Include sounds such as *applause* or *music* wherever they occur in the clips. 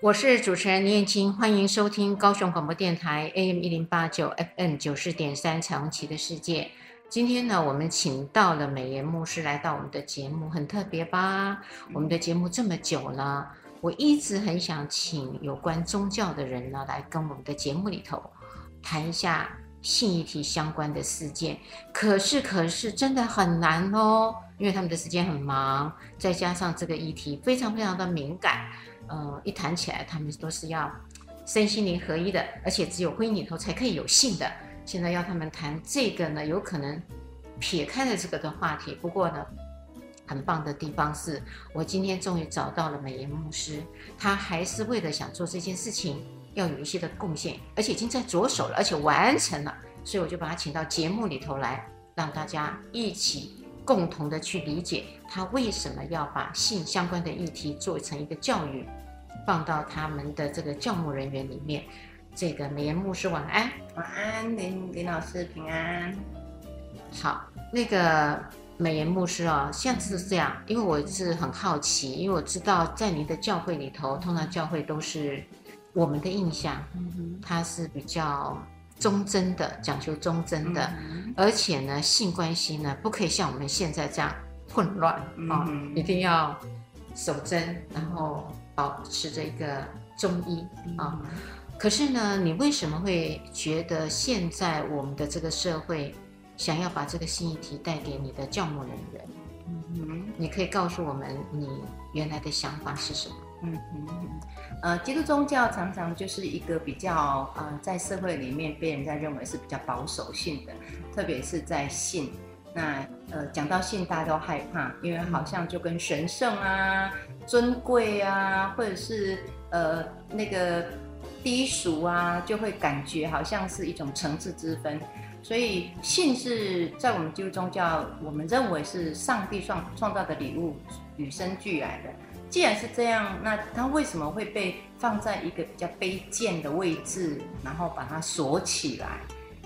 我是主持人林燕青，歡迎收聽高雄廣播電臺 AM 一零八九 FM 九四點三《彩虹旗的世界》。今天呢，我們請到了美妍牧師來到我們的節目，很特別吧？我們的節目這麼久了，我一直很想請有關宗教的人呢，來跟我們的節目裡頭談一下性議題相關的事件。可是，可是真的很難哦，因為他們的時間很忙，再加上這個議題非常非常的敏感。呃，一談起來，他們都是要身心靈合一的，而且只有婚姻裡頭才可以有性的。現在要他們談這個呢，有可能撇開了這個的話題。不過呢，很棒的地方是我今天終於找到了美妍牧師，他還是為了想做這件事情，要有一些的貢獻，而且已經在着手了，而且完成了，所以我就把他請到節目裡頭來，讓大家一起。共同的去理解他為什麼要把性相關的議題做成一個教育，放到他們的這個教牧人員裡面。這個美妍牧師晚安。晚安，林林老師平安。好，那個美妍牧師哦，現在這樣，因為我是很好奇，因為我知道在您的教會裡頭，通常教會都是我們的印象，它是比較。忠貞的，講究忠貞的、嗯，而且呢，性關係呢，不可以像我們現在這樣混亂啊、嗯哦，一定要守貞、嗯，然後保持着一個忠義啊。可是呢，你為什麼會覺得現在我們的這個社會想要把這個性議題帶給你的教牧人員？人、嗯？嗯你可以告訴我們你原來的想法是什麼？嗯嗯，呃，基督宗教常常就是一個比較呃，在社會裡面被人家認為是比較保守性的，特別是在性。那呃，講到性，大家都害怕，因為好像就跟神聖啊、尊貴啊，或者是呃那個低俗啊，就會感覺好像是一種層次之分。所以性是在我們基督宗教，我們認為是上帝創創造的禮物，與生俱來的。既然是這樣，那他為什麼會被放在一個比較卑賤的位置，然後把它鎖起來？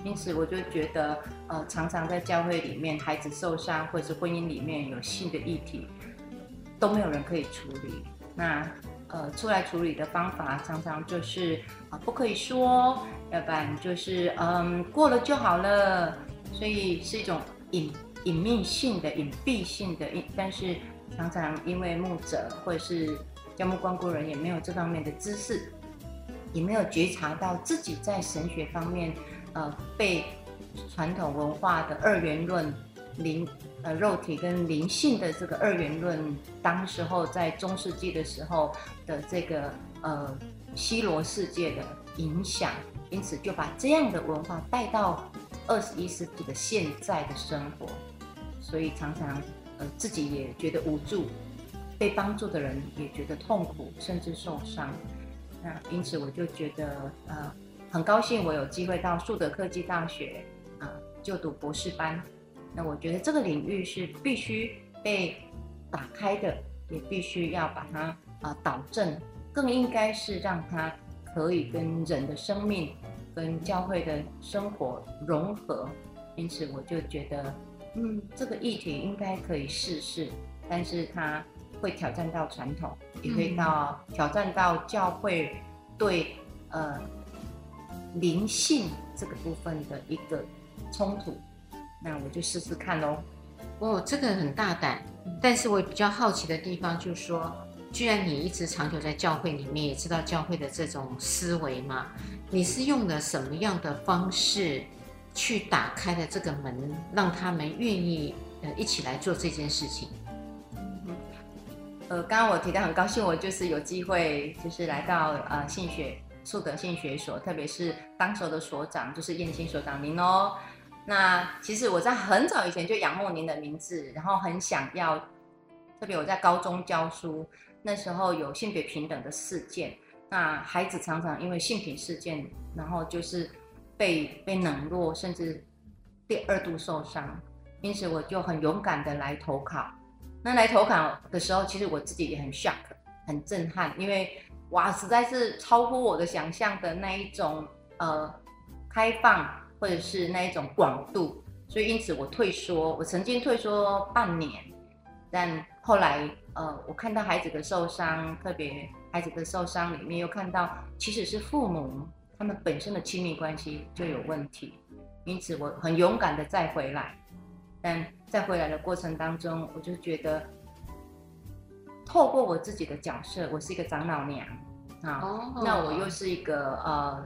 因此，我就覺得，呃，常常在教會裡面，孩子受傷，或者是婚姻裡面有性的議題，都沒有人可以處理。那，呃，出來處理的方法，常常就是啊、呃，不可以說，要不然就是嗯，過了就好了。所以是一種隱隱秘性的、隱蔽性的，但是。常常因為牧者或者是教牧光顧人也沒有這方面的知識，也沒有覺察到自己在神學方面，呃，被傳統文化的二元論靈呃肉體跟靈性的這個二元論，當時候在中世紀的時候的這個呃希羅世界的影響，因此就把這樣的文化帶到二十一世紀的現在的生活，所以常常，呃，自己也覺得無助，被幫助的人也覺得痛苦，甚至受傷。那因此我就覺得，呃，很高興我有機會到樹德科技大學啊、呃、就讀博士班。那我覺得這個領域是必須被打開的，也必須要把它啊、呃、導正，更應該是讓它可以跟人的生命、跟教會的生活融合。因此我就覺得。嗯，這個議題應該可以試試，但是它會挑戰到傳統，也會到、嗯、挑戰到教會對呃靈性這個部分的一個衝突。那我就試試看嘍。哦，這個很大膽，但是我也比較好奇的地方就是說，既然你一直長久在教會裡面，也知道教會的這種思維嘛，你是用了什麼樣的方式？去打開了這個門，讓他們願意呃一起來做這件事情。嗯嗯、呃，剛剛我提到很高興，我就是有機會，就是來到呃性學樹德性學所，特別是當時候的所長就是燕卿所長您哦。那其實我在很早以前就仰慕您的名字，然後很想要，特別我在高中教書那時候有性別平等的事件，那孩子常常因為性平事件，然後就是。被被冷落，甚至第二度受傷，因此我就很勇敢的來投考，那來投考的時候，其實我自己也很 shock，很震撼，因為哇，實在是超乎我的想象的那一種呃開放，或者是那一種廣度。所以因此我退縮，我曾經退縮半年，但後來呃，我看到孩子的受傷，特別孩子的受傷裡面又看到，其實是父母。他們本身的親密關係就有問題，因此我很勇敢的再回來，但在回來的過程當中，我就覺得，透過我自己的角色，我是一個長老娘啊、哦，那我又是一個、哦、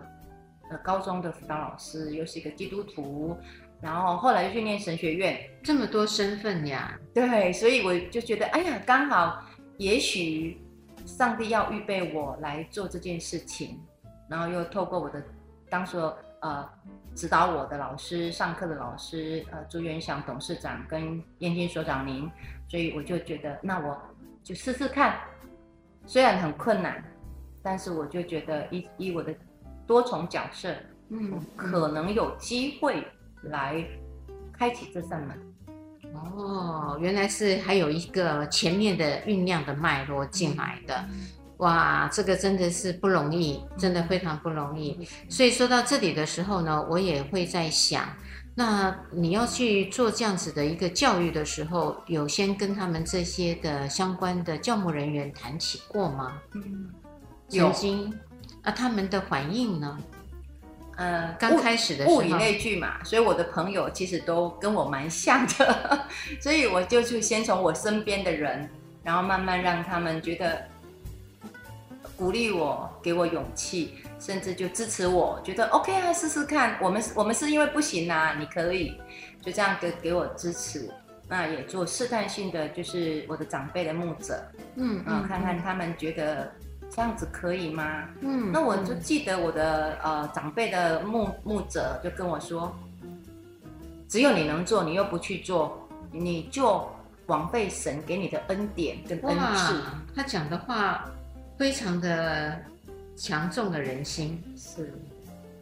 呃呃高中的輔導老師，又是一個基督徒，然後後來又去念神學院，這麼多身份呀，對，所以我就覺得，哎呀，剛好，也許上帝要預備我來做這件事情。然後又透過我的，當時呃指導我的老師、上課的老師呃朱元祥董事長跟燕軍所長您，所以我就覺得，那我就試試看，雖然很困難，但是我就覺得以以我的多重角色，嗯，可能有機會來開啟這扇門。哦，原來是還有一個前面的醞釀的脈絡進來的。哇，這個真的是不容易，真的非常不容易。所以說到這裡的時候呢，我也會在想，那你要去做這樣子的一個教育的時候，有先跟他們這些的相關的教牧人員談起過嗎？嗯，有。曾經。啊、他們的反應呢？呃，剛開始的時候物以類聚嘛，所以我的朋友其實都跟我蠻像的， *laughs* 所以我就去先從我身邊的人，然後慢慢讓他們覺得。鼓勵我，給我勇氣，甚至就支持我，覺得 OK 啊，試試看。我們是，我們是因為不行啊，你可以就這樣給給我支持。那也做試探性的，就是我的長輩的牧者，嗯，啊、呃嗯，看看他們覺得這樣子可以嗎？嗯，那我就記得我的、嗯、呃長輩的牧牧者就跟我說，只有你能做，你又不去做，你就枉費神給你的恩典跟恩賜。他講的話。非常的強重的人心是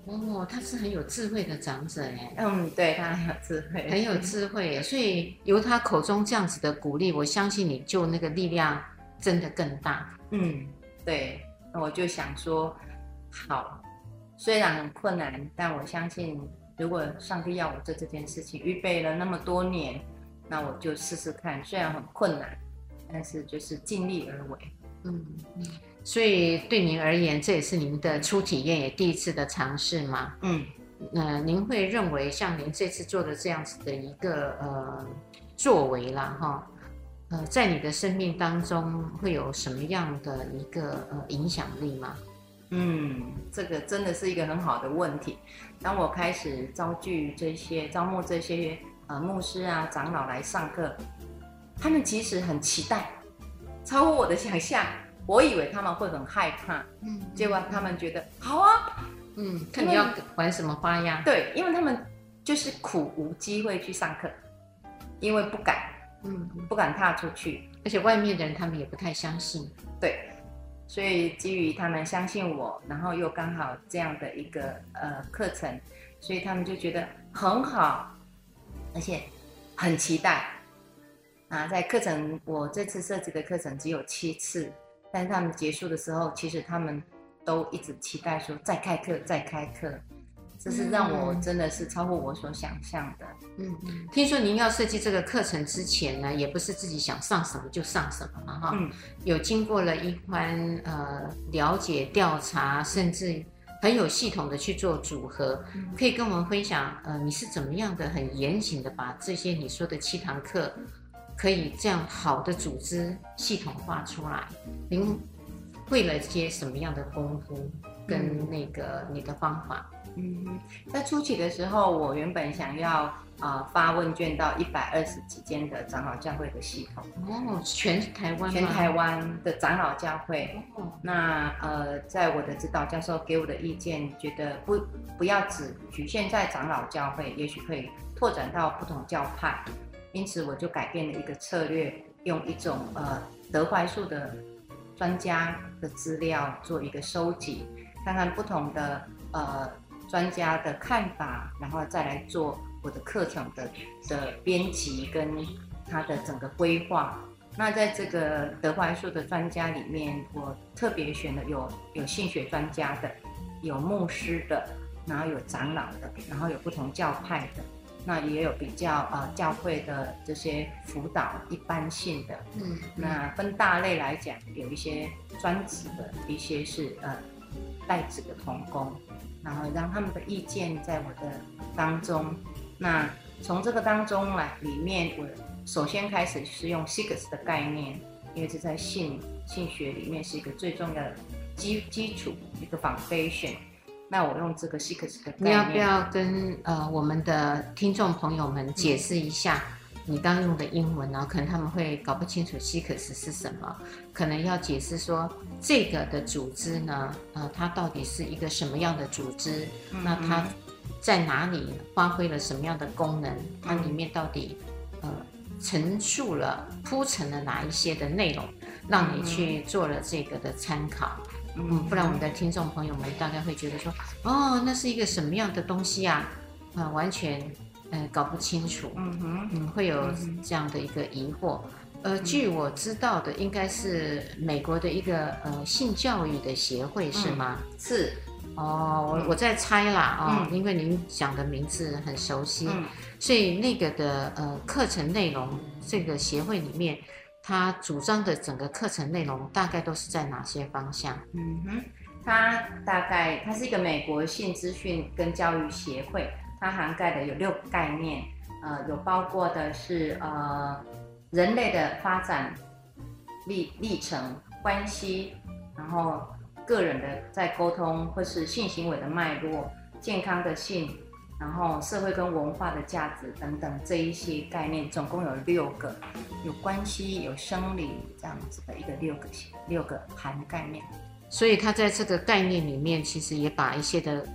哦，他是很有智慧的長者耶，嗯，對，他很有智慧， *laughs* 很有智慧耶，所以由他口中這樣子的鼓勵，我相信你就那個力量真的更大。嗯，對，那我就想說好，雖然很困難，但我相信如果上帝要我做這這件事情，預備了那麼多年，那我就試試看，雖然很困難，但是就是盡力而為。嗯，所以對您而言，這也是您的初體驗，也第一次的嘗試嘛。嗯，那、呃、您會認為像您這次做的這樣子的一個呃作為啦，哈，呃，在你的生命當中會有什麼樣的一個呃影響力嗎？嗯，這個真的是一個很好的問題。當我開始招聚這些招募這些呃牧師啊長老來上課，他們其實很期待。超乎我的想象，我以為他們會很害怕，嗯，結果他們覺得、嗯、好啊，嗯，看你要玩什麼花樣？對，因為他們就是苦無機會去上課，因為不敢，嗯，不敢踏出去，而且外面的人他們也不太相信，對，所以基於他們相信我，然後又剛好這樣的一個呃課程，所以他們就覺得很好，而且很期待。啊，在課程，我這次設計的課程只有七次，但是他們結束的時候，其實他們都一直期待說再開課，再開課，這是讓我真的是超乎我所想象的。嗯，聽說您要設計這個課程之前呢，也不是自己想上什麼就上什麼嘛，哈、嗯，有經過了一番呃了解調查，甚至很有系統的去做組合、嗯，可以跟我們分享，呃，你是怎麼樣的很嚴謹的把這些你說的七堂課。可以這樣好的組織系統化出來，您會了些什麼樣的功夫？跟那個你的方法？嗯，在初期的時候，我原本想要啊、呃、發問卷到一百二十幾間的長老教會的系統哦，全台灣全台灣的長老教會。哦、那呃，在我的指導教授給我的意見，覺得不不要只局限在長老教會，也許可以拓展到不同教派。因此，我就改變了一個策略，用一種呃德懷術的專家的資料做一個收集，看看不同的呃專家的看法，然後再來做我的課程的的編輯跟他的整個規劃。那在這個德懷術的專家裡面，我特別選了有有性學專家的，有牧師的，然後有長老的，然後有不同教派的。那也有比較呃教會的這些輔導一般性的，嗯，那分大類來講，有一些專職的，一些是呃帶職的同工，然後讓他們的意見在我的當中，嗯、那從這個當中來裡面，我首先開始是用 six 的概念，因為這在性性學裡面是一個最重要的基基礎一個 foundation。那我用這個西克斯的概念。你要不要跟呃我們的聽眾朋友們解釋一下，嗯，你剛，剛用的英文呢，啊？可能他們會搞不清楚西克斯是什麼，可能要解釋說這個的組織呢，呃，它到底是一個什麼樣的組織？嗯嗯。那它在哪裡發揮了什麼樣的功能？它裡面到底呃陳述了，鋪陳了哪一些的內容，讓你去做了這個的參考。嗯嗯嗯，不然我們的聽眾朋友們大概會覺得說，哦，那是一個什麼樣的東西啊？啊，呃，完全，嗯，呃，搞不清楚。嗯哼，嗯，會有這樣的一個疑惑。呃，據我知道的，應該是美國的一個呃性教育的協會是嗎？嗯，是。哦，我我在猜啦哦，因為您講的名字很熟悉，所以那個的呃課程內容，這個協會裡面。他主張的整個課程內容大概都是在哪些方向？嗯哼，他大概他是一個美國性資訊跟教育協會，它涵蓋的有六個概念，呃，有包括的是呃人類的發展歷歷程關係，然後個人的在溝通或是性行為的脈絡，健康的性，然後社會跟文化的價值等等這一些概念，總共有六個，有關係，有生理這樣子的一個六個六個含概念。所以他在這個概念裡面，其實也把一些的，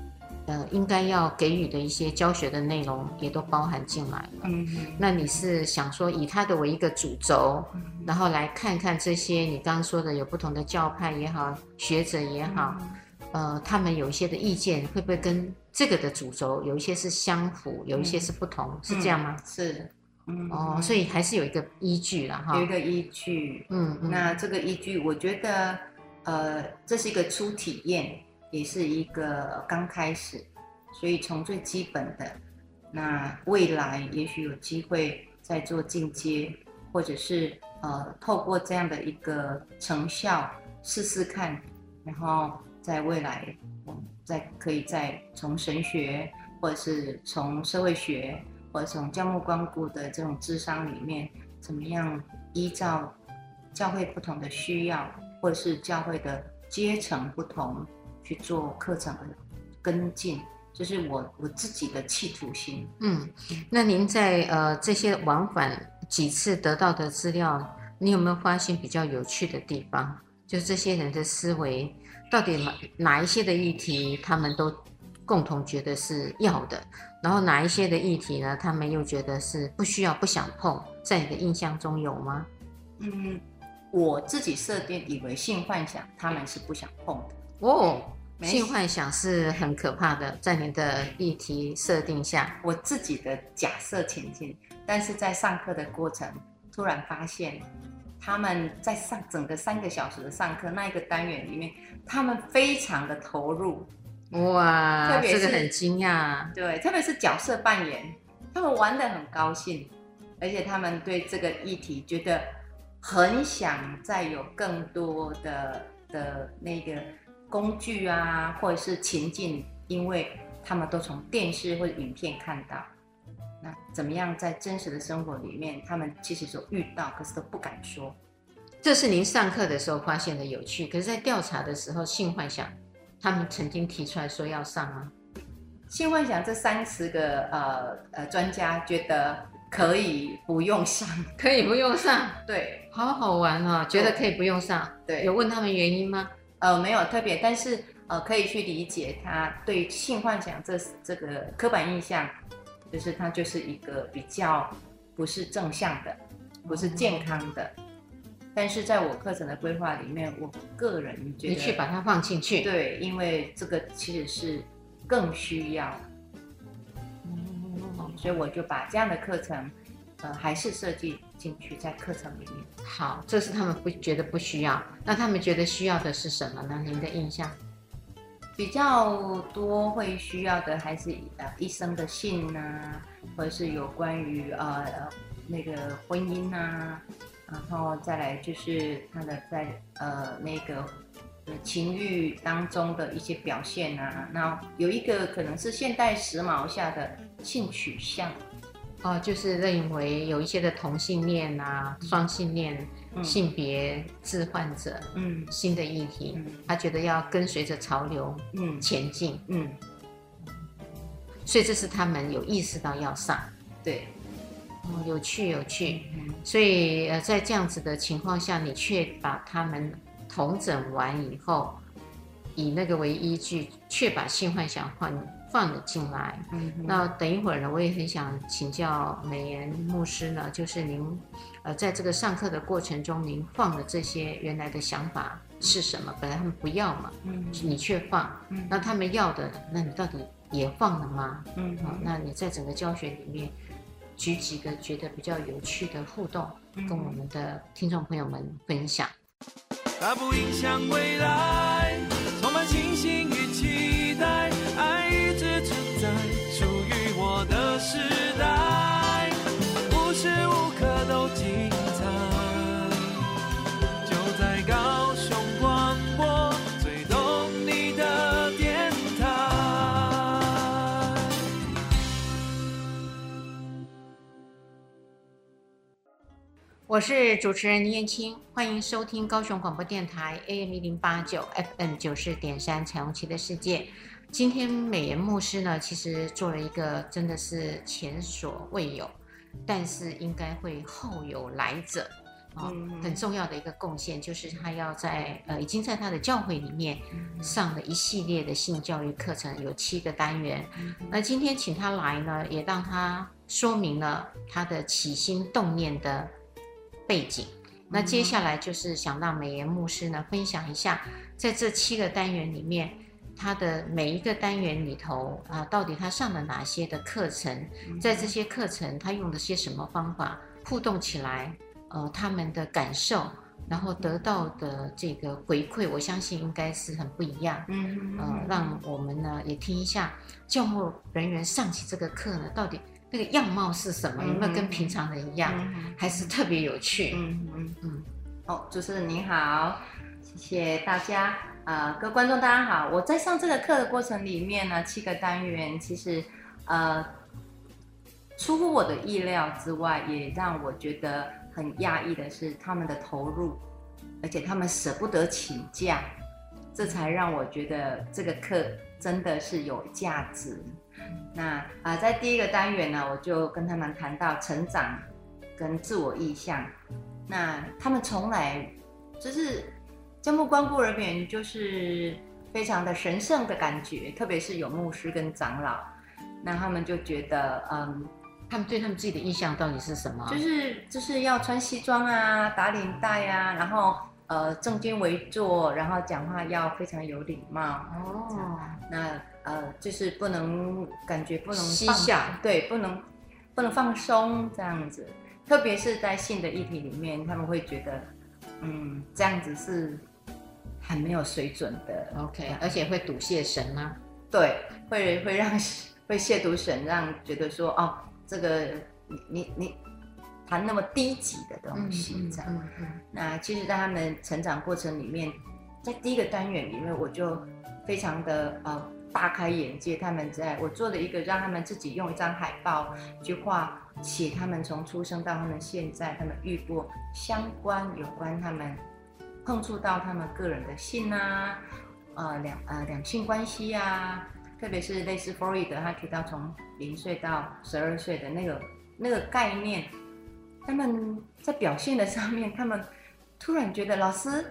呃，應該要給予的一些教學的內容也都包含進來了。嗯。那你是想說以他的為一個主軸，嗯、然後來看看這些你剛剛說的有不同的教派也好，學者也好，嗯、呃，他們有一些的意見會不會跟？這個的主軸有一些是相符，嗯，有一些是不同，嗯、是這樣嗎？是，嗯、哦、嗯，所以還是有一個依據了哈。有一個依據嗯，嗯，那這個依據，我覺得，呃，這是一個初體驗，也是一個剛開始，所以從最基本的，那未來也許有機會再做進階，或者是呃，透過這樣的一個成效試試看，然後在未來我們。在可以，在從神學，或者是從社會學，或者從教牧關顧的這種諮商裡面，怎麼樣依照教會不同的需要，或者是教會的階層不同去做課程跟進，就是我我自己的企圖心。嗯，那您在呃這些往返幾次得到的資料，你有沒有發現比較有趣的地方？就是這些人的思維。到底哪哪一些的議題，他們都共同覺得是要的，然後哪一些的議題呢？他們又覺得是不需要、不想碰。在你的印象中，有嗎？嗯，我自己設定以為性幻想他們是不想碰的。哦，性幻想是很可怕的，在你的議題設定下，我自己的假設前進，但是在上課的過程突然發現。他們在上整個三個小時的上課那一個單元裡面，他們非常的投入，哇，特別是這個很驚訝，對，特別是角色扮演，他們玩得很高興，而且他們對這個議題覺得很想再有更多的的那個工具啊，或者是情境，因為他們都從電視或者影片看到。那怎麼樣在真實的生活裡面，他們其實所遇到，可是都不敢說。這是您上課的時候發現的有趣，可是，在調查的時候，性幻想，他們曾經提出來說要上嗎？性幻想這三十個呃呃專家覺得可以不用上， *laughs* 可以不用上。對，好好玩啊、哦，okay. 覺得可以不用上。對，有問他們原因嗎？呃，沒有特別，但是呃可以去理解他對於性幻想這這個刻板印象。就是它就是一個比較不是正向的，不是健康的。嗯、但是在我課程的規劃裡面，我個人覺得你去把它放進去，對，因為這個其實是更需要、嗯，所以我就把這樣的課程，呃，還是設計進去在課程裡面。好，這是他們不覺得不需要，那他們覺得需要的是什麼呢？您的印象？比較多會需要的還是呃一生的性吶、啊，或者是有關於呃那個婚姻吶、啊，然後再來就是他的在呃那個情慾當中的一些表現啊，那有一個可能是現代時髦下的性取向。哦、oh,，就是認為有一些的同性戀啊、雙、嗯、性戀、嗯、性別置換者，嗯，新的議題，嗯、他覺得要跟隨着潮流，嗯，前進，嗯，所以這是他們有意識到要上，對，哦、oh,，有趣有趣、嗯，所以呃，在這樣子的情況下，你卻把他們統整完以後，以那個為依據，卻把性幻想換。放了進來、嗯，那等一會兒呢，我也很想請教美妍牧師呢，就是您，呃，在這個上課的過程中，您放的這些原來的想法是什麼？本來他們不要嘛，嗯、你卻放、嗯，那他們要的，那你到底也放了嗎？嗯，好、啊，那你在整個教學裡面舉幾個覺得比較有趣的互動，嗯、跟我們的聽眾朋友們分享。他不影響未來，嗯時代無時無刻都精彩，就在高雄廣播最懂你的電台。我是主持人倪燕青，歡迎收聽高雄廣播電台 AM 一零八九 FM 九四點三彩虹旗的世界。今天美妍牧師呢，其實做了一個真的是前所未有，但是應該會後有來者啊，很重要的一個貢獻，就是他要在呃，已經在他的教會裡面上了一系列的性教育課程，有七個單元。那今天請他來呢，也讓他說明了他的起心動念的背景。那接下來就是想讓美妍牧師呢分享一下，在這七個單元裡面。他的每一個單元裡頭啊，到底他上了哪些的課程？嗯？在這些課程，他用了些什麼方法互動起來？呃，他們的感受，然後得到的這個回饋，嗯、我相信應該是很不一樣。嗯嗯、呃、讓我們呢也聽一下教牧人員上起這個課呢，到底那個樣貌是什麼？有、嗯、沒有跟平常人一樣，嗯、還是特別有趣？嗯嗯嗯。好、哦，主持人您好，謝謝大家。啊、呃，各位觀眾，大家好！我在上這個課的過程裡面呢，七個單元其實，呃，出乎我的意料之外，也讓我覺得很訝異的是他們的投入，而且他們捨不得請假，這才讓我覺得這個課真的是有價值。那啊、呃，在第一個單元呢，我就跟他們談到成長跟自我意象，那他們從來就是。這牧關顧而人員就是非常的神聖的感覺，特別是有牧師跟長老，那他們就覺得，嗯，他們對他們自己的印象到底是什麼？就是就是要穿西裝啊，打領帶啊，然後呃正襟危坐，然後講話要非常有禮貌哦。啊、那呃就是不能感覺不能放嬉笑，對，不能不能放鬆這樣子，特別是在性的議題裡面，他們會覺得，嗯，這樣子是。很沒有水準的，OK，而且會褻瀆神啊，對，會會讓會褻瀆神，讓覺得說哦，這個你你你談那麼低級的東西嗯嗯嗯嗯這樣。那其實，在他們成長過程裡面，在第一個單元裡面，我就非常的呃大開眼界。他們在我做了一個，讓他們自己用一張海報去畫，寫他們從出生到他們現在，他們遇過相關有關他們。碰觸到他們個人的性啊，呃兩呃兩性關係啊，特別是類似弗洛伊德，他提到從零歲到十二歲的那個那個概念，他們在表現的上面，他們突然覺得老師，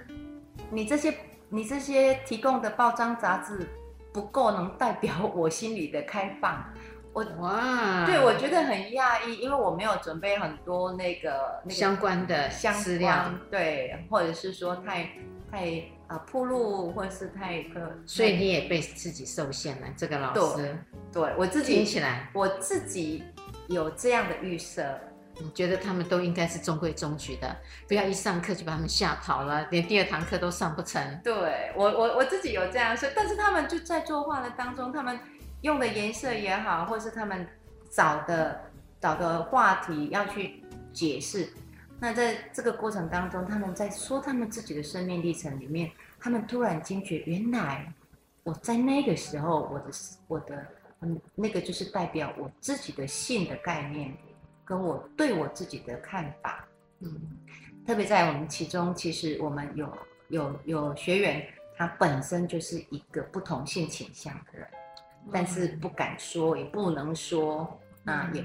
你這些你這些提供的報章雜誌，不夠能代表我心裡的開放。我哇，對，我覺得很訝異，因為我沒有準備很多那個、那個、相關相關的資料的，對，或者是說太太啊鋪、呃、路，或者是太個，所以你也被自己受限了。這個老師，對，對我自己聽起來，我自己有這樣的預設，我覺得他們都應該是中規中矩的，不要一上課就把他們嚇跑了，連第二堂課都上不成。對，我我我自己有這樣說，但是他們就在作畫的當中，他們。用的顏色也好，或是他們找的找的話題要去解釋，那在這個過程當中，他們在說他們自己的生命歷程裡面，他們突然驚覺，原來我在那個時候，我的我的嗯，那個就是代表我自己的性的概念，跟我對我自己的看法，嗯，特別在我們其中，其實我們有有有學員，他本身就是一個不同性傾向的人。但是不敢說，嗯、也不能說，那、嗯啊、也，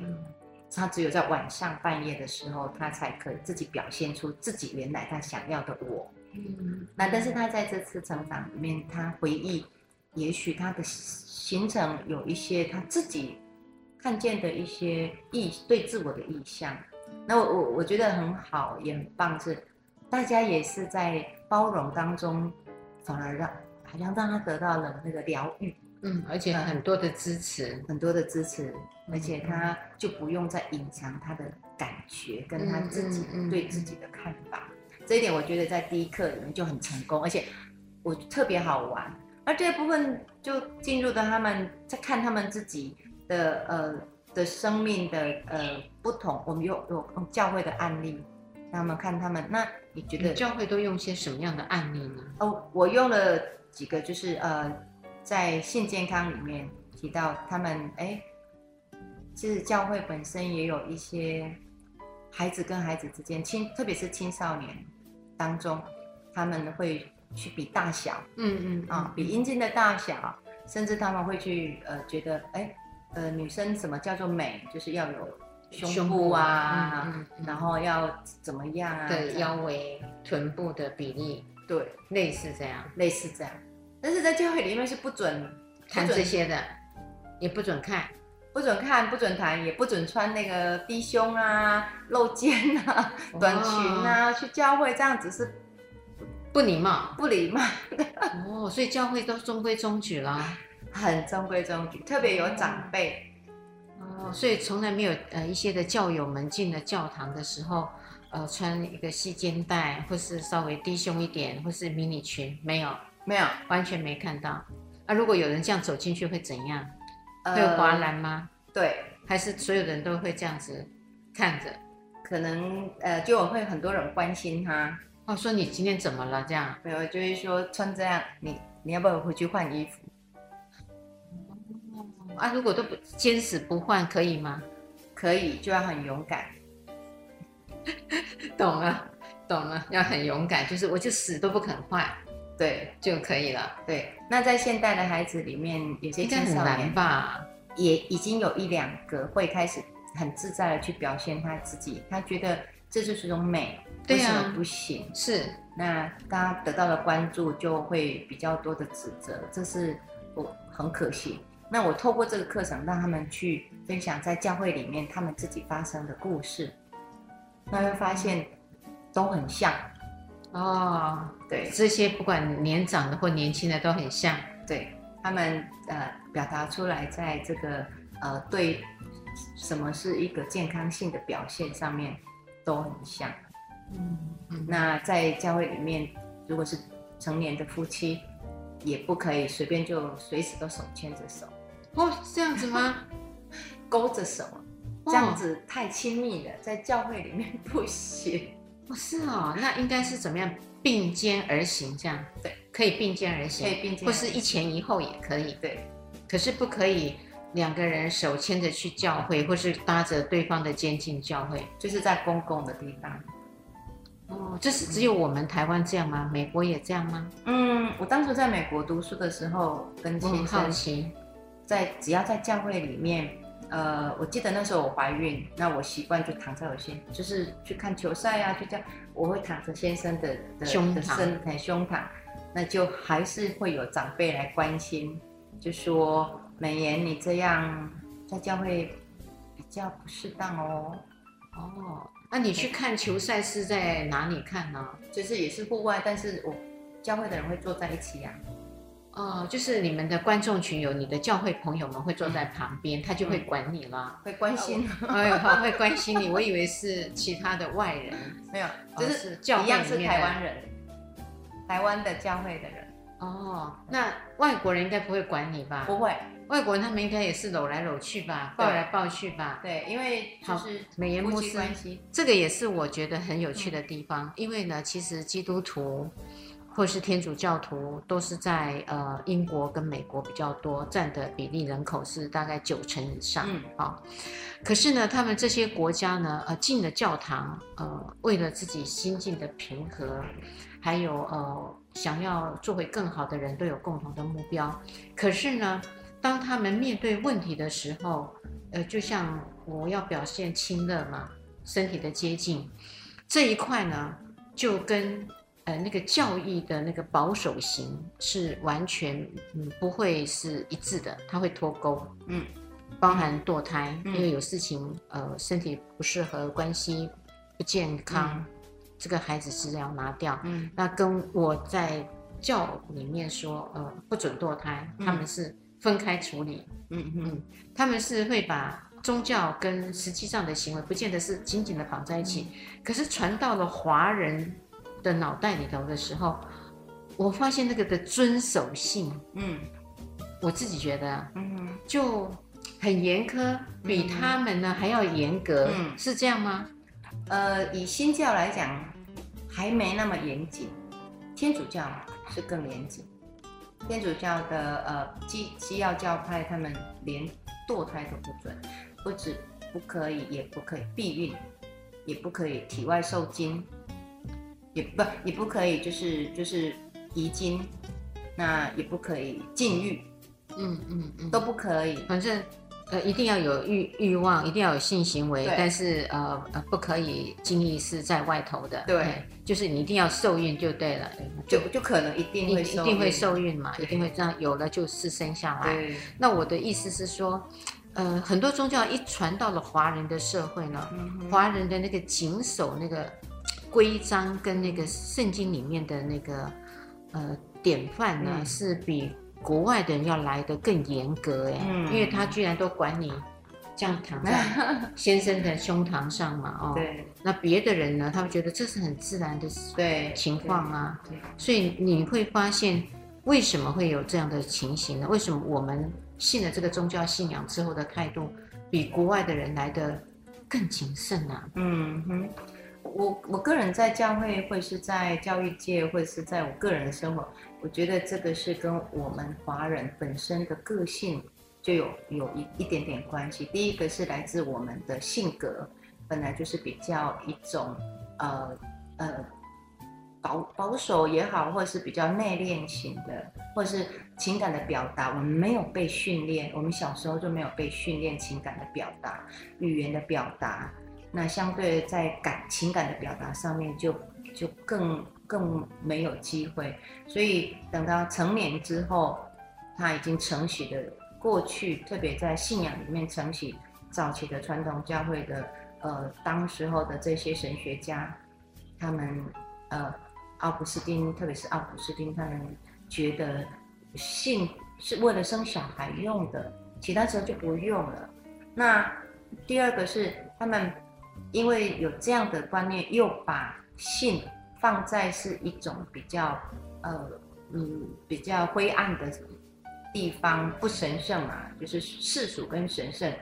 他只有在晚上半夜的時候，他才可以自己表現出自己原來他想要的我。嗯，那但是他在這次成長裡面，他回憶，也許他的形成有一些他自己看見的一些意對自我的意象。那我我我覺得很好，也很棒，是大家也是在包容當中，反而讓好像讓他得到了那個療癒。嗯，而且很多的支持，嗯、很多的支持、嗯，而且他就不用再隱藏他的感覺、嗯、跟他自己、嗯、對自己的看法、嗯嗯，這一點我覺得在第一課裡面就很成功，而且我特別好玩。而這一部分就進入到他們在看他們自己的呃的生命的呃不同，我們有有教會的案例，讓他們看他們。那你覺得你教會都用些什麼樣的案例呢？哦，我用了幾個，就是呃。在性健康裡面提到，他們哎、欸，其實教會本身也有一些孩子跟孩子之間，青特別是青少年當中，他們會去比大小，嗯嗯，嗯，啊、哦，比陰莖的大小，甚至他們會去呃覺得哎、欸，呃，女生什麼叫做美，就是要有胸部，胸部啊嗯嗯嗯，然後要怎麼樣啊樣，腰圍、臀部的比例，對，類似這樣，類似這樣。但是在教會裡面是不准談這些的，也不准看，不准看，不准談，也不准穿那個低胸啊、露肩啊、哦、短裙啊。去教會這樣子是不禮貌，不禮貌的。 *laughs* 哦，所以教會都中規中矩啦，很中規中矩，特別有長輩。哦，哦，所以從來沒有呃一些的教友們進了教堂的時候，呃穿一個細肩帶，或是稍微低胸一點，或是迷你裙，沒有。沒有，完全沒看到。那、啊、如果有人這樣走進去會怎樣？呃、會劃南嗎？對，還是所有人都會這樣子看着？可能呃，就我會很多人關心他，哦，說你今天怎麼了？這樣沒有，對我就會說穿這樣，你你要不要回去換衣服、嗯？啊，如果都不堅持不換可以嗎？可以，就要很勇敢。 *laughs* 懂了，懂了，要很勇敢，就是我就死都不肯換。對就可以了。對，那在現代的孩子裡面，有些青少年吧，也已經有一兩個會開始很自在的去表現他自己，他覺得這就是一種美，啊、為什麼不行？是，那他得到了關注，就會比較多的指責，這是我、哦、很可惜。那我透過這個課程，讓他們去分享在教會裡面他們自己發生的故事，那會發現都很像。哦，對，這些不管年長的或年輕的都很像，對他們呃表達出來，在這個呃對什麼是一個健康性的表現上面都很像嗯。嗯，那在教會裡面，如果是成年的夫妻，也不可以隨便就隨時都手牽着手。哦，這樣子嗎？ *laughs* 勾着手，這樣子太親密了，哦、在教會裡面不行。不是哦，那應該是怎麼樣並肩而行這樣？對，可以並肩而行。可以並肩，或是一前一後也可以。對，可是不可以兩個人手牽着去教會，或是搭着對方的肩進教會，就是在公共的地方。哦，這是只有我們台灣這樣嗎？嗯、美國也這樣嗎？嗯，我當初在美國讀書的時候，很、嗯、好奇，在、嗯、只要在教會裡面。呃，我記得那時候我懷孕，那我習慣就躺在我先，就是去看球賽啊。就這樣，我會躺在先生的胸的身胸膛，那就還是會有長輩來關心，就說美妍你這樣在教會比較不適當哦。哦，那你去看球賽是在哪裡看呢、啊？就是也是戶外，但是我教會的人會坐在一起呀、啊。哦，就是你們的觀眾群有你的教會朋友們會坐在旁邊，他就會管你了，嗯、會關心。 *laughs* 哎呦，會關心你，我以為是其他的外人，沒有，就是教會、哦、是一樣是台灣人，台灣的教會的人。哦，那外國人應該不會管你吧？不會，外國人他們應該也是摟來摟去吧，抱來抱去吧。對，因為就是好美妍牧師，這個也是我覺得很有趣的地方，嗯、因為呢，其實基督徒。或是天主教徒，都是在呃，英國跟美國比較多，佔的比例人口是大概九成以上啊、嗯哦。可是呢，他們這些國家呢，呃，進了教堂，呃，為了自己心境的平和，還有呃，想要做回更好的人，都有共同的目標。可是呢，當他們面對問題的時候，呃，就像我要表現親熱嘛，身體的接近這一塊呢，就跟。呃，那個教義的那個保守型是完全嗯不會是一致的，它會脫鈎，嗯，包含墮胎，嗯、因為有事情呃身體不適合，關係不健康、嗯，這個孩子是要拿掉，嗯，那跟我在教裡面說呃不准墮胎、嗯，他們是分開處理，嗯嗯，他們是會把宗教跟實際上的行為不見得是緊緊的綁在一起、嗯，可是傳到了華人。的腦袋裡頭的時候，我發現那個的遵守性，嗯，我自己覺得，嗯，就很嚴苛，嗯，比他們呢還要嚴格，嗯，是這樣嗎？呃，以新教來講，還沒那麼嚴謹，天主教是更嚴謹，天主教的呃基，基要教派，他們連墮胎都不准，不止不可以，也不可以避孕，也不可以體外受精。不，你不可以、就是，就是就是遺精，那也不可以禁欲，嗯嗯,嗯，都不可以。反正呃，一定要有欲欲望，一定要有性行為，但是呃呃，不可以精液是在外頭的。對、嗯，就是你一定要受孕就對了，就就可能一定會受孕一定會受孕嘛，一定會這樣有了就是生下來對。那我的意思是說，呃，很多宗教一傳到了華人的社會呢，嗯、華人的那個謹守那個。規章跟那個聖經裡面的那個呃典範呢，嗯，是比國外的人要來得更嚴格哎，嗯，因為他居然都管你這樣躺在先生的胸膛上嘛哦，對，那別的人呢，他們覺得這是很自然的對情況啊，對對對對，所以你會發現為什麼會有這樣的情形呢？為什麼我們信了這個宗教信仰之後的態度，比國外的人來得更謹慎呢，啊？嗯哼。我我個人在教會，或是在教育界，或是在我個人的生活，我覺得這個是跟我們華人本身的個性就有有一一點點關係。第一個是來自我們的性格，本來就是比較一種呃呃保保守也好，或者是比較內斂型的，或者是情感的表達，我們沒有被訓練，我們小時候就沒有被訓練情感的表達、語言的表達。那相對在感情感的表達上面就，就就更更沒有機會。所以等到成年之後，他已經承襲的過去，特別在信仰裡面承襲早期的傳統教會的，呃，當時候的這些神學家，他們，呃，奧古斯丁，特別是奧古斯丁，他們覺得性是為了生小孩用的，其他時候就不用了。那第二個是他們。因為有這樣的觀念，又把性放在是一種比較呃嗯比較灰暗的地方，不神聖嘛、啊，就是世俗跟神聖，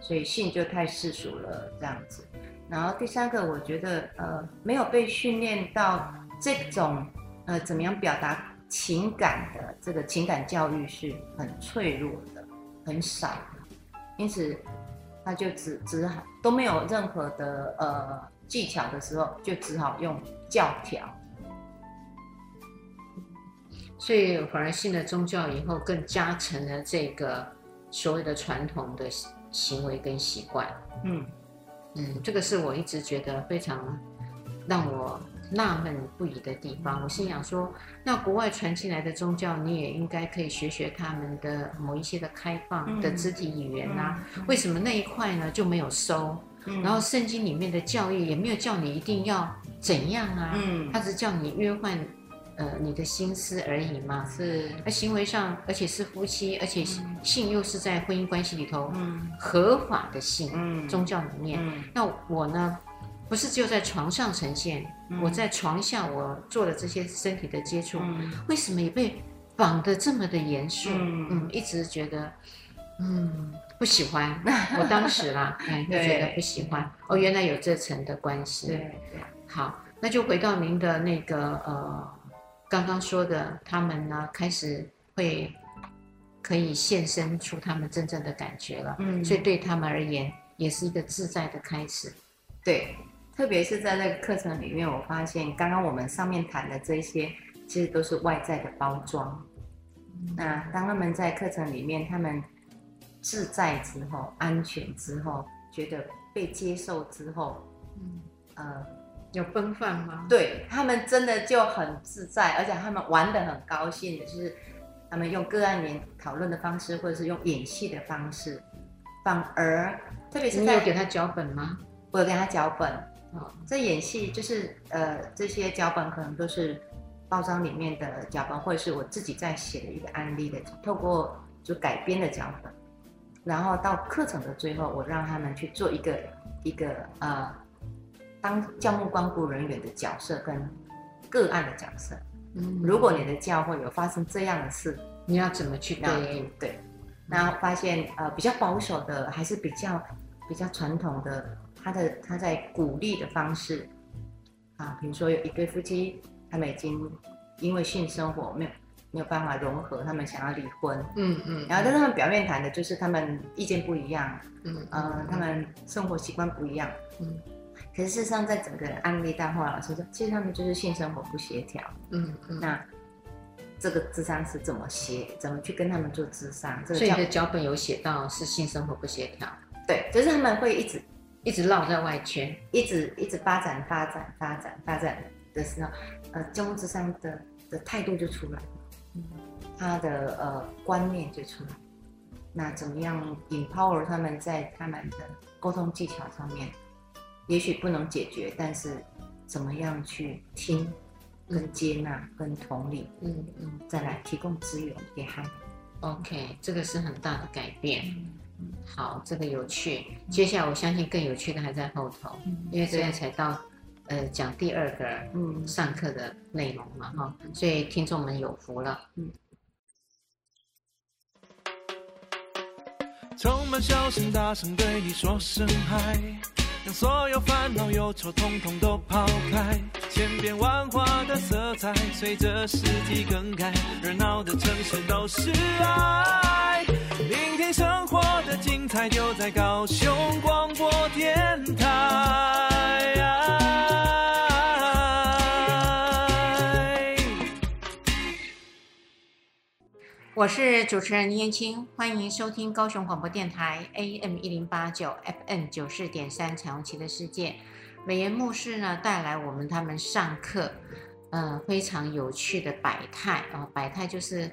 所以性就太世俗了這樣子。然後第三個，我覺得呃沒有被訓練到這種呃怎麼樣表達情感的這個情感教育是很脆弱的，很少的，因此。他就只只好都沒有任何的呃技巧的時候，就只好用教條。所以，反而信了宗教以後，更加成了這個所謂的傳統的行為跟習慣。嗯嗯，這個是我一直覺得非常讓我。納悶不已的地方，我心想說，那國外傳進來的宗教，你也應該可以學學他們的某一些的開放的肢體語言吶、啊嗯嗯？為什麼那一塊呢就沒有收、嗯？然後聖經裡面的教育也沒有叫你一定要怎樣啊？他、嗯、只是叫你約換，呃，你的心思而已嘛。是，而行為上，而且是夫妻，而且性又是在婚姻關係裡頭、嗯、合法的性、嗯。宗教裡面，嗯嗯、那我呢？不是只有在床上呈現？嗯、我在床下，我做了這些身體的接觸，嗯、為什麼也被綁得這麼的嚴肅嗯？嗯，一直覺得，嗯，不喜歡。我當時啦， *laughs* 嗯、就覺得不喜歡。哦、嗯，原來有這層的關係對。對，好，那就回到您的那個呃，剛剛說的，他們呢開始會可以現身出他們真正的感覺了。嗯，所以對他們而言，也是一個自在的開始。對。特別是在那個課程裡面，我發現剛剛我們上面談的這些，其實都是外在的包裝，嗯。那當他們在課程裡面，他們自在之後，安全之後，覺得被接受之後，嗯，呃、有奔放嗎？對，他們真的就很自在，而且他們玩得很高興，就是他們用個案面討論的方式，或者是用演戲的方式，反而特別是你有給他腳本嗎？我有給他腳本。在、哦、這演戲就是呃，這些腳本可能都是包裝裡面的腳本，或者是我自己在寫的一個案例的，透過就改編的腳本，然後到課程的最後，我讓他們去做一個一個呃，當教牧關顧人員的角色跟個案的角色。嗯，如果你的教會有發生這樣的事，你要怎麼去應對？然後，對，那發現呃，比較保守的還是比較比較傳統的。他的他在鼓勵的方式啊，比如說有一對夫妻，他們已經因為性生活沒有沒有辦法融合，他們想要離婚。嗯嗯。然後但他們表面談的就是他們意見不一樣嗯嗯、呃。嗯。他們生活習慣不一樣。嗯。可是事實上，在整個案例當中，老師說，其實他們就是性生活不協調。嗯嗯。那這個諮商是怎麼協？怎麼去跟他們做諮商，這個？所以你的腳本有寫到是性生活不協調。對，就是他們會一直。一直繞在外圈，一直一直發展、發展、發展、發展的時候，呃，溝通之上的的態度就出來了。嗯、他的呃觀念就出來了。那怎麼樣 empower 他們在他們的溝通技巧上面，也許不能解決，但是怎麼樣去聽、跟接納、跟同理，嗯嗯，再來提供資源給他們。OK，這個是很大的改變。嗯好，這個有趣。接下來我相信更有趣的還在後頭，嗯、因為現在才到，呃，講第二個上課的內容嘛，哈、嗯哦，所以聽眾們有福了。嗯。充滿笑聲大聲對你說聲嗨，讓所有煩惱憂愁統統都拋開，千變萬化的色彩隨著世界更改，熱鬧的城市都是愛。聆聽生活的精彩，就在高雄廣播電台。我是主持人燕青，歡迎收聽高雄廣播電台 AM 一零八九 FM 九四點三彩虹旗的世界。美妍牧師呢，帶來我們他們上課，嗯、呃，非常有趣的百態啊，百、呃、態就是，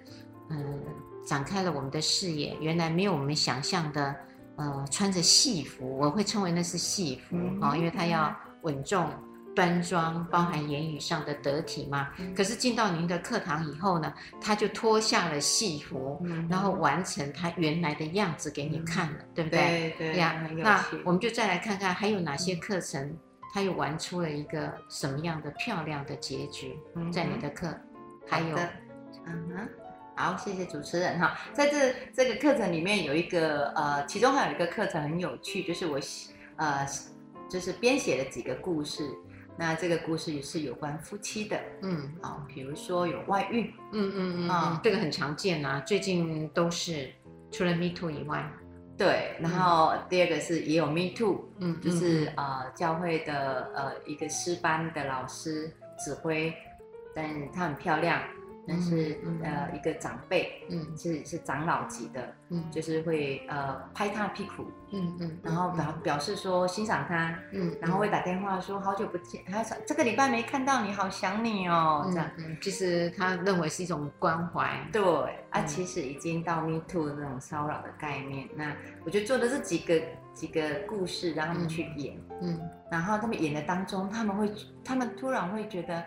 嗯、呃。展開了我們的視野，原來沒有我們想象的，呃，穿着戲服，我會稱為那是戲服啊、嗯哦，因為他要穩重、端莊、嗯，包含言語上的得體嘛、嗯。可是進到您的課堂以後呢，他就脫下了戲服，嗯、然後完成他原來的樣子給你看了，嗯、對不對？對對呀。那我們就再來看看還有哪些課程，他、嗯、又玩出了一個什麼樣的漂亮的結局，在你的課，嗯、還有，嗯哼。啊好，謝謝主持人哈。在這這個課程裡面有一個呃，其中還有一個課程很有趣，就是我呃就是編寫的幾個故事。那這個故事也是有關夫妻的，嗯，好、哦，比如說有外遇，嗯嗯嗯、嗯，這個很常見啊，最近都是除了 Me Too 以外，嗯、對，然後第二個是也有 Me Too，嗯、嗯、嗯，就是呃教會的呃一個詩班的老師指揮，但是她很漂亮。但、嗯、是、嗯嗯、呃一個長輩，嗯，是是長老級的，嗯，就是會呃拍他屁股，嗯嗯，然後表表示說欣賞他，嗯，然後會打電話說好久不見，他說這個禮拜沒看到你好想你哦，嗯、這樣、嗯嗯，其實他認為是一種關懷，嗯、對啊，其實已經到 me too 那種騷擾的概念。那我就做的這幾個幾個故事，讓他們去演嗯，嗯，然後他們演的當中，他們會他們突然會覺得。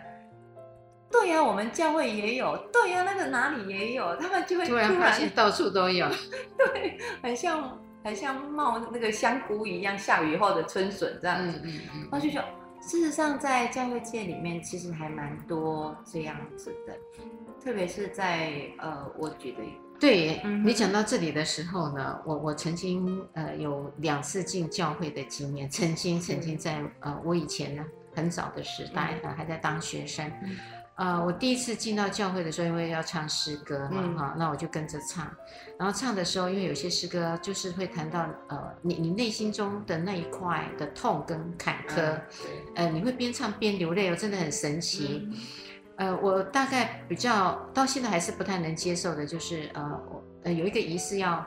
對呀、啊，我們教會也有。對呀、啊，那個哪裡也有，他們就會突然、啊、發現到處都有。 *laughs* 對，很像很像冒那個香菇一樣，下雨後的春筍這樣子。嗯嗯嗯。那、嗯哦、就說，事實上，在教會界裡面，其實還蠻多這樣子的，特別是在呃，我覺得，對、嗯、你講到這裡的時候呢，我我曾經呃有兩次進教會的經驗，曾經曾經在呃我以前呢很早的時代啊，嗯、還在當學生。嗯呃，我第一次進到教會的時候，因為要唱詩歌嘛，哈、嗯，那我就跟着唱。然後唱的時候，因為有些詩歌就是會談到呃，你你內心中的那一塊的痛跟坎坷、嗯，呃，你會邊唱邊流淚哦，真的很神奇。嗯、呃，我大概比較到現在還是不太能接受的，就是呃，我呃有一個儀式要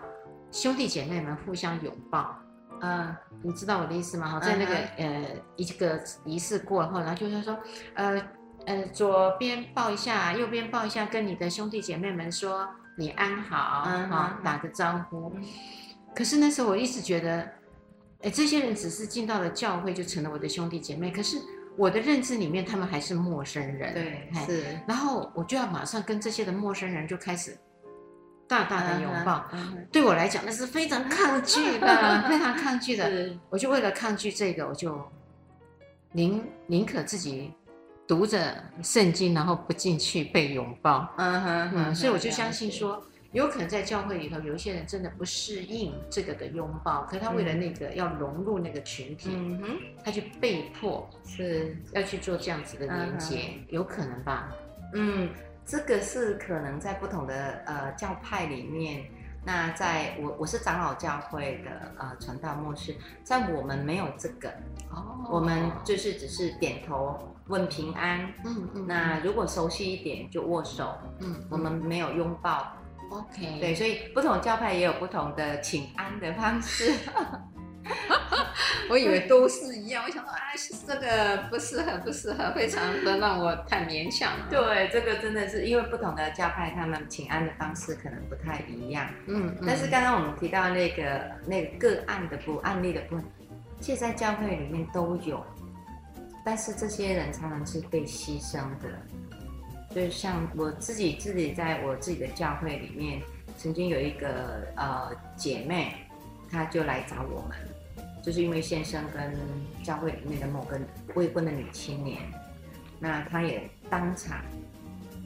兄弟姐妹們互相擁抱，呃，你知道我的意思嗎？哈，在那個嗯嗯呃一個儀式過後，然後就是說呃。呃，左邊抱一下，右邊抱一下，跟你的兄弟姐妹們說你安好，哈、嗯，打個招呼、嗯。可是那時候我一直覺得，哎、欸，這些人只是進到了教會就成了我的兄弟姐妹，可是我的認知裡面他們還是陌生人。對，是。然後我就要馬上跟這些的陌生人就開始大大的擁抱。嗯嗯、對我來講那是非常抗拒的， *laughs* 非常抗拒的。我就為了抗拒這個，我就寧寧可自己。讀着聖經，然後不進去被擁抱，uh-huh, uh-huh, 嗯哼，所以我就相信說，有可能在教會裡頭有一些人真的不適應這個的擁抱，可是他為了那個、嗯、要融入那個群體，uh-huh、他去被迫是要去做這樣子的連接、uh-huh，有可能吧？嗯，這個是可能在不同的呃教派裡面，那在我我是長老教會的呃傳道牧師，在我們沒有這個，哦、oh.，我們就是只是點頭。問平安，嗯嗯，那如果熟悉一點、嗯，就握手，嗯，我們沒有擁抱，OK，對，所以不同教派也有不同的請安的方式。 *laughs* *laughs* 我以為都是一樣，我想說啊，這個不適合，不適合，非常的讓我太勉強。對，這個真的是因為不同的教派，他們請安的方式可能不太一樣，嗯，嗯，但是剛剛我們提到那個那個個案的不案例的部分，其實在教會裡面都有。但是這些人常常是被犧牲的，就像我自己自己在我自己的教會裡面，曾經有一個呃姐妹，她就來找我們，就是因為先生跟教會裡面的某個未婚的女青年，那她也當場，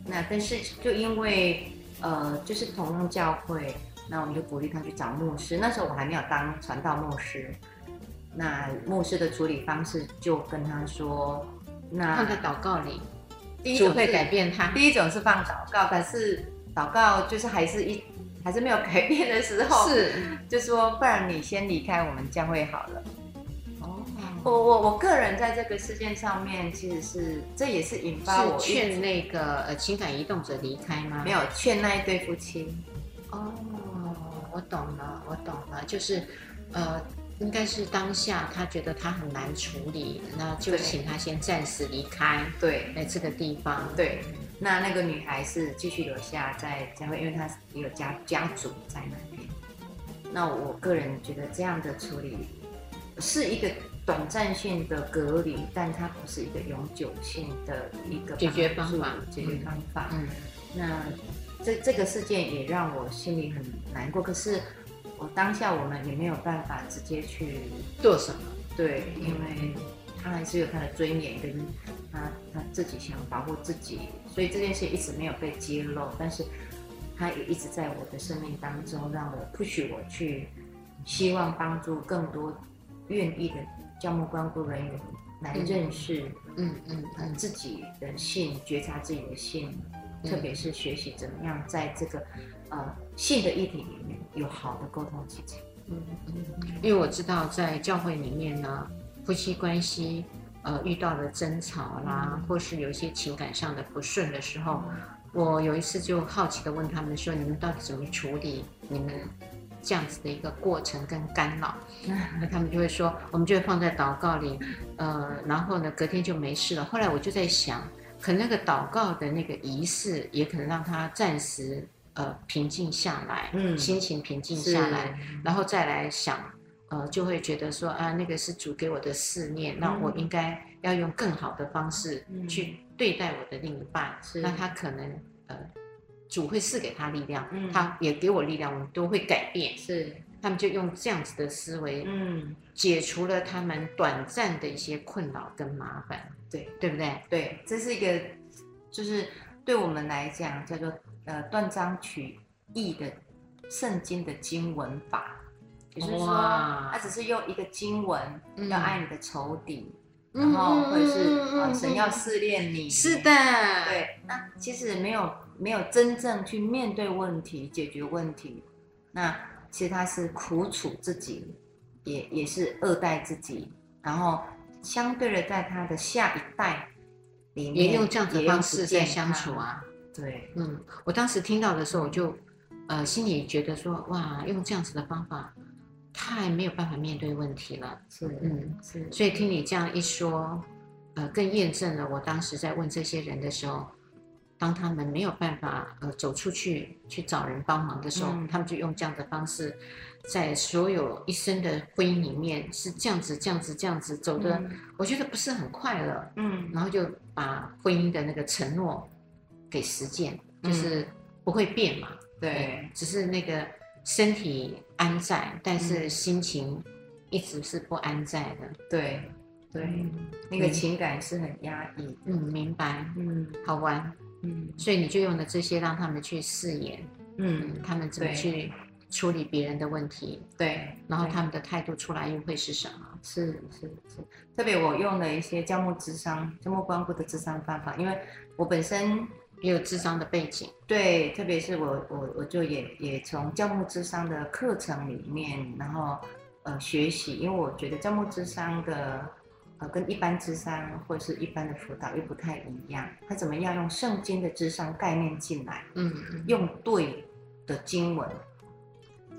那但是就因為呃就是同用教會，那我們就鼓勵她去找牧師，那時候我還沒有當傳道牧師。那牧師的處理方式就跟他說：“那放在禱告裡，第一種會改變他。第一種是放禱告，但是禱告就是還是一還是沒有改變的時候，是就說不然你先離開我們教會好了。”哦，我我我個人在這個事件上面其實是這也是引發我是勸那個呃情感移動者離開嗎？沒有勸那一對夫妻。哦，我懂了，我懂了，就是呃。應該是當下他覺得他很難處理，那就請他先暫時離開，對，在這個地方對。那那個女孩子繼續留下在嘉惠，因為她有家家族在那邊。那我個人覺得這樣的處理是一個短暫性的隔離，但它不是一個永久性的一個解決方法。解決方法。嗯。嗯嗯那這這個事件也讓我心裡很難過，可是。我當下我們也沒有辦法直接去做什麼，對，因為他還是有他的尊嚴，跟他他自己想保護自己，所以這件事一直沒有被揭露。但是他也一直在我的生命當中，讓我不許我去，希望幫助更多願意的教牧關懷人員來認識，嗯嗯，自己的性、嗯嗯嗯嗯、覺察自己的性。特別是學習怎麼樣在這個，嗯、呃，性的議題裡面有好的溝通技巧。嗯嗯。因為我知道在教會裡面呢，夫妻關係，呃，遇到了爭吵啦，嗯、或是有一些情感上的不順的時候，嗯、我有一次就好奇地問他們說：“你們到底怎麼處理你們這樣子的一個過程跟干擾？”那、嗯、他們就會說：“我們就會放在禱告裡，呃，然後呢，隔天就沒事了。”後來我就在想。可那個禱告的那個儀式，也可能讓他暫時呃平靜下來，嗯，心情平靜下來，然後再來想，呃，就會覺得說啊，那個是主給我的試煉、嗯，那我應該要用更好的方式去對待我的另一半。是、嗯，那他可能呃，主會賜給他力量、嗯，他也給我力量，我們都會改變。是，他們就用這樣子的思維，嗯，解除了他們短暫的一些困擾跟麻煩。對對不對？對，這是一個，就是對我們來講叫做呃斷章取義的聖經的經文法，就是說，他只是用一個經文、嗯，要愛你的仇敵，然後或者是嗯哼嗯哼神要試煉你，是的，對。那其實沒有沒有真正去面對問題，解決問題。那其實他是苦楚自己，也也是惡待自己，然後。相對的，在他的下一代裡面，也用這樣子的方式在相處啊。對，嗯，我當時聽到的時候，我就，呃，心裡覺得說，哇，用這樣子的方法，太沒有辦法面對問題了。是，嗯，是。所以聽你這樣一說，呃，更驗證了我當時在問這些人的時候，當他們沒有辦法，呃，走出去去找人幫忙的時候，嗯，他們就用這樣的方式。在所有一生的婚姻裡面是這樣子這樣子這樣子走的，嗯、我覺得不是很快樂，嗯，然後就把婚姻的那個承諾給實踐、嗯，就是不會變嘛，對，對，只是那個身體安在，但是心情一直是不安在的，嗯、對，對，那個情感是很壓抑，嗯，嗯，明白，嗯，好玩，嗯，所以你就用了這些讓他們去試驗、嗯，嗯，他們怎麼去。處理別人的問題，對，對，然後他們的態度出來又會是什麼？是是是，特別我用了一些教牧諮商，教牧關顧的諮商方法，因為我本身也有諮商的背景，對，特別是我我我就也也從教牧諮商的課程裡面，然後呃學習，因為我覺得教牧諮商的呃跟一般諮商或是一般的輔導又不太一樣，他怎麼樣用聖經的諮商概念進來，嗯，嗯，用對的經文。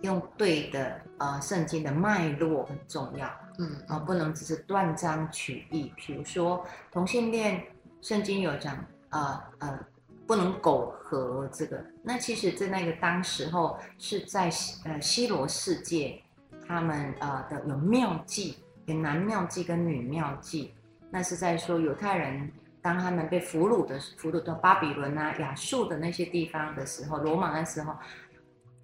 用對的，呃，聖經的脈絡很重要，嗯，而不能只是斷章取義。比如說同性戀，聖經有講，呃呃，不能苟合這個。那其實，在那個當時候是在西，呃，希羅世界，他們呃的有廟妓，有男廟妓跟女廟妓，那是在說猶太人當他們被俘虜的俘虜到巴比倫吶、啊、亞述的那些地方的時候，羅馬的時候，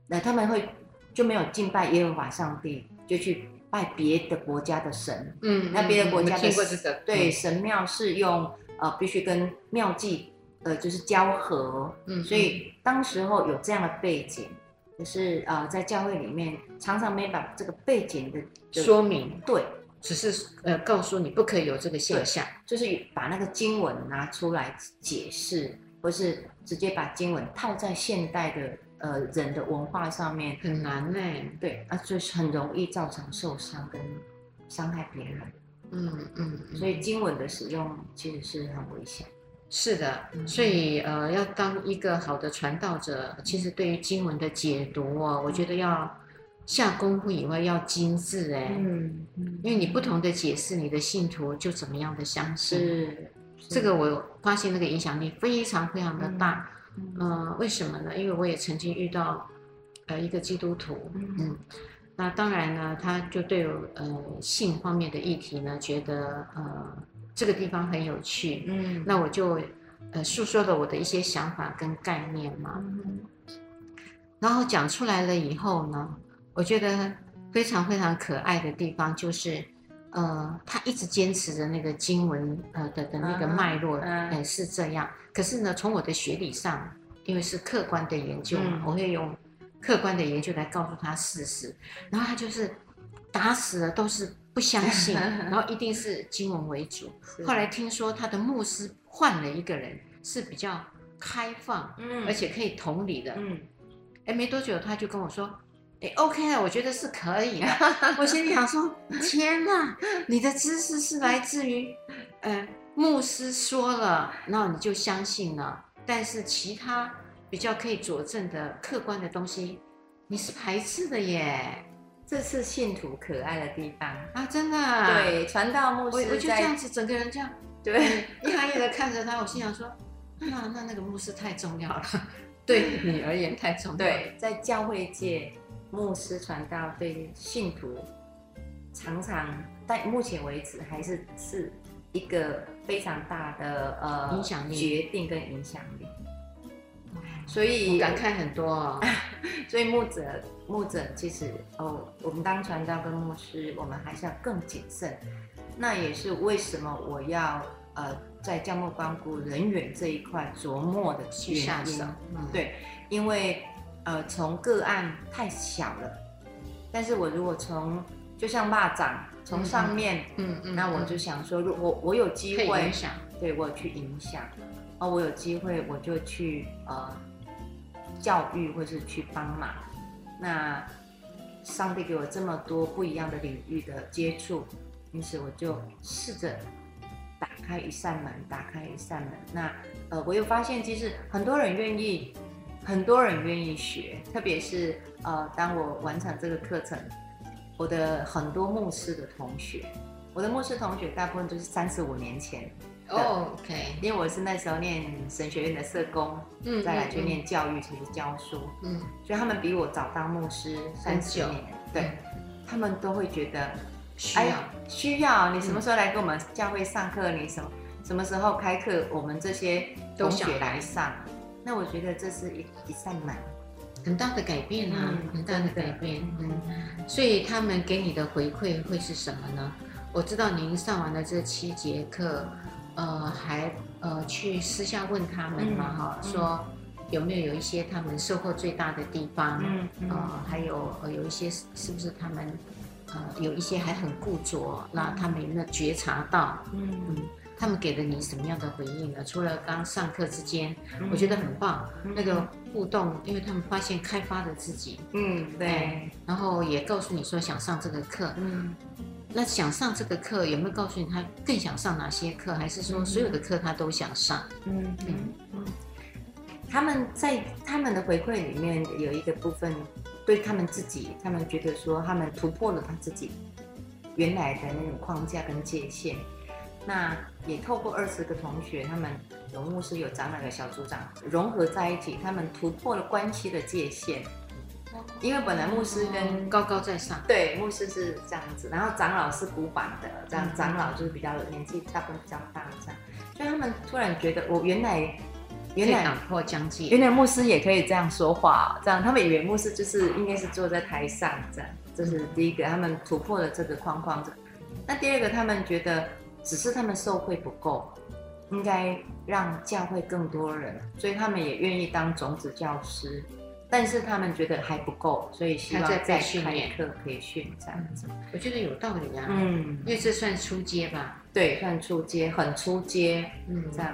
那他們會。就沒有敬拜耶和華上帝，就去拜別的國家的神。嗯，那別的國家的、嗯這個、對神廟是用呃，必須跟廟妓呃，就是交合。嗯，所以、嗯、當時候有這樣的背景，可、就是呃在教會裡面常常沒把這個背景的說明。對，只是呃告訴你不可以有這個現象，就是把那個經文拿出來解釋，或是直接把經文套在現代的。呃，人的文化上面很難呢、嗯。對啊，就是很容易造成受傷跟傷害別人。嗯嗯，所以經文的使用其實是很危險。是的，嗯、所以呃，要當一個好的傳道者，其實對於經文的解讀哦，嗯、我覺得要下功夫以外，要精緻哎。嗯，嗯，因為你不同的解釋，你的信徒就怎麼樣的相似。是，是，這個我發現那個影響力非常非常的大。嗯嗯、呃，為什麼呢？因為我也曾經遇到，呃，一個基督徒，嗯，那當然呢，他就對呃性方面的議題呢，覺得呃這個地方很有趣，嗯，那我就呃述說了我的一些想法跟概念嘛，嗯，然後講出來了以後呢，我覺得非常非常可愛的地方就是。呃，他一直堅持着那個經文，呃的的那個脈絡，哎、嗯嗯、是這樣。可是呢，從我的學理上，因為是客觀的研究嘛，嗯、我會用客觀的研究來告訴他事實、嗯。然後他就是打死了都是不相信，嗯、然後一定是經文為主。後來聽說他的牧師換了一個人，是比較開放，嗯、而且可以同理的。哎、嗯欸，沒多久他就跟我說。哎，OK，我覺得是可以、啊。 *laughs* 我心裡想說，天哪，你的知識是來自於，嗯，牧師說了，那你就相信了。但是其他比較可以佐證的客觀的東西，你是排斥的耶。這是信徒可愛的地方啊，真的、啊。對，傳道牧師。我就這樣子，整個人這樣，對，嗯、一行業的看着他，我心想說，那、啊、那那個牧師太重要了， *laughs* 對你而言太重要了。對，在教會界。牧師傳道對信徒，常常在目前為止還是是一個非常大的呃，影響力，決定跟影響力，嗯，所以感慨很多，哦。 *laughs* 所以牧者、牧者其實哦，我們當傳道跟牧師，我們還是要更謹慎。那也是為什麼我要呃，在教牧關顧人員這一塊琢磨的去下手，嗯，對，因為。呃，從個案太小了，但是我如果從就像螞蚱、嗯、從上面，嗯嗯，那我就想說，如果我有機會，對我去影響，哦，我有機會我就去呃教育或是去幫忙。那上帝給我這麼多不一樣的領域的接觸，因此我就試着打開一扇門，打開一扇門。那呃，我又發現其實很多人願意。很多人願意學，特別是呃，當我完成這個課程，我的很多牧師的同學，我的牧師同學大部分都是三十五年前，oh, OK，因為我是那時候念神學院的社工，嗯，再來去念教育，去，嗯、教書，嗯，所以他們比我早當牧師三十年，對，嗯，他們都會覺得需要需要你什麼時候來跟我們教會上課？你什麼、嗯、什麼時候開課？我們這些同學來上。那我覺得這是一一扇門，很大的改變啊、嗯，很大的改變。嗯，所以他們給你的回饋會是什麼呢？我知道您上完了這七節課，呃，還呃去私下問他們嘛哈、嗯，說、嗯、有沒有有一些他們收穫最大的地方？嗯、嗯呃，還有有一些是不是他們呃有一些還很固着？那他們有沒有覺察到？嗯。嗯他們給了你什麼樣的回應呢？除了剛上課之間、嗯，我覺得很棒，嗯、那個互動、嗯，因為他們發現開發了自己，嗯，嗯對，然後也告訴你說想上這個課，嗯，那想上這個課有沒有告訴你他更想上哪些課？還是說所有的課他都想上？嗯嗯嗯，他們在他們的回饋裡面有一個部分，對他們自己，他們覺得說他們突破了他自己原來的那種框架跟界限。那也透過二十個同學，他們有牧師有長老的小組長融合在一起，他們突破了關係的界限、嗯。因為本來牧師跟、嗯、高高在上，對牧師是這樣子，然後長老是古板的這樣，長老就是比較、嗯、年紀大部分比較大，這樣，所以他們突然覺得，我、哦、原來原來打破僵局，原來牧師也可以這樣說話，這樣他們以為牧師就是應該是坐在台上這樣，這、就是第一個、嗯，他們突破了這個框框的。那第二個，他們覺得。只是他們受惠不夠，應該讓教會更多人，所以他們也願意當種子教師，但是他們覺得還不夠，所以希望在開課培訓練。課可以訓練這樣子。嗯，我覺得有道理啊。嗯，因為這算初階吧？對，算初階，很初階。嗯，這樣。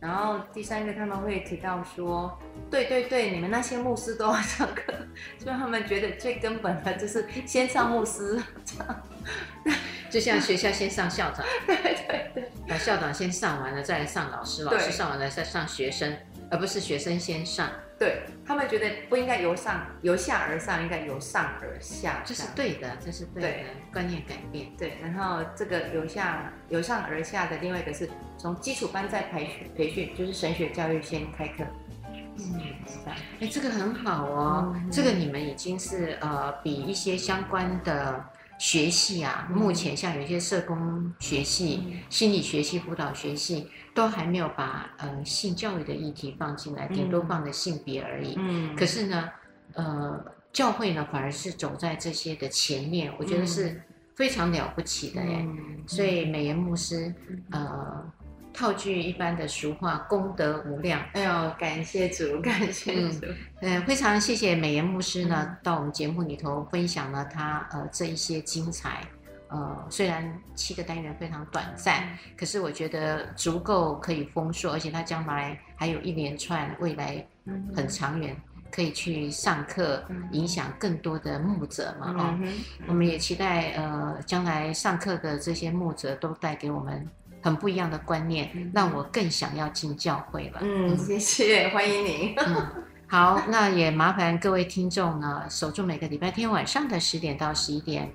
然後第三個，他們會提到說，對對對，你們那些牧師都要上課，所以他們覺得最根本的就是先上牧師，嗯、這樣就像學校先上校長， *laughs* 對對對，把校長先上完了再上老師，老師上完了再上學生。而不是學生先上，對，他們覺得不應該由上，由下而上，應該由上而下這，這是對的，這是對的，對觀念改變。對，然後這個由下，由上而下的另外一個是從基礎班再培訓培訓，就是神學教育先開課。嗯，哎，這個很好哦，嗯嗯，這個你們已經是呃，比一些相關的。學系啊，目前像有一些社工學系、心理學系、輔導學系，都還沒有把呃、嗯、性教育的議題放進來，頂多放在性別而已、嗯。可是呢，呃，教會呢反而是走在這些的前面，嗯、我覺得是非常了不起的誒、嗯、所以美妍牧師，嗯、呃。套句一般的俗話，功德無量。哎呦，感謝主，感謝主，嗯、呃，非常謝謝美妍牧師呢，嗯、到我們節目裡頭分享了他呃這一些精彩。呃，雖然七個單元非常短暫、嗯，可是我覺得足夠可以豐碩，而且他將來還有一連串，未來很長遠，可以去上課，影響更多的牧者嘛。哦，嗯嗯、我們也期待呃將來上課的這些牧者都帶給我們。很不一樣的觀念，讓我更想要進教會了。嗯，謝謝，歡迎您、 *laughs* 嗯。好，那也麻煩各位聽眾啊，守住每個禮拜天晚上的十點到十一點，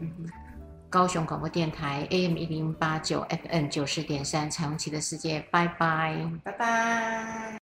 高雄廣播電台 AM 一零八九，FM 九十點三，彩虹旗的世界，拜拜，拜拜。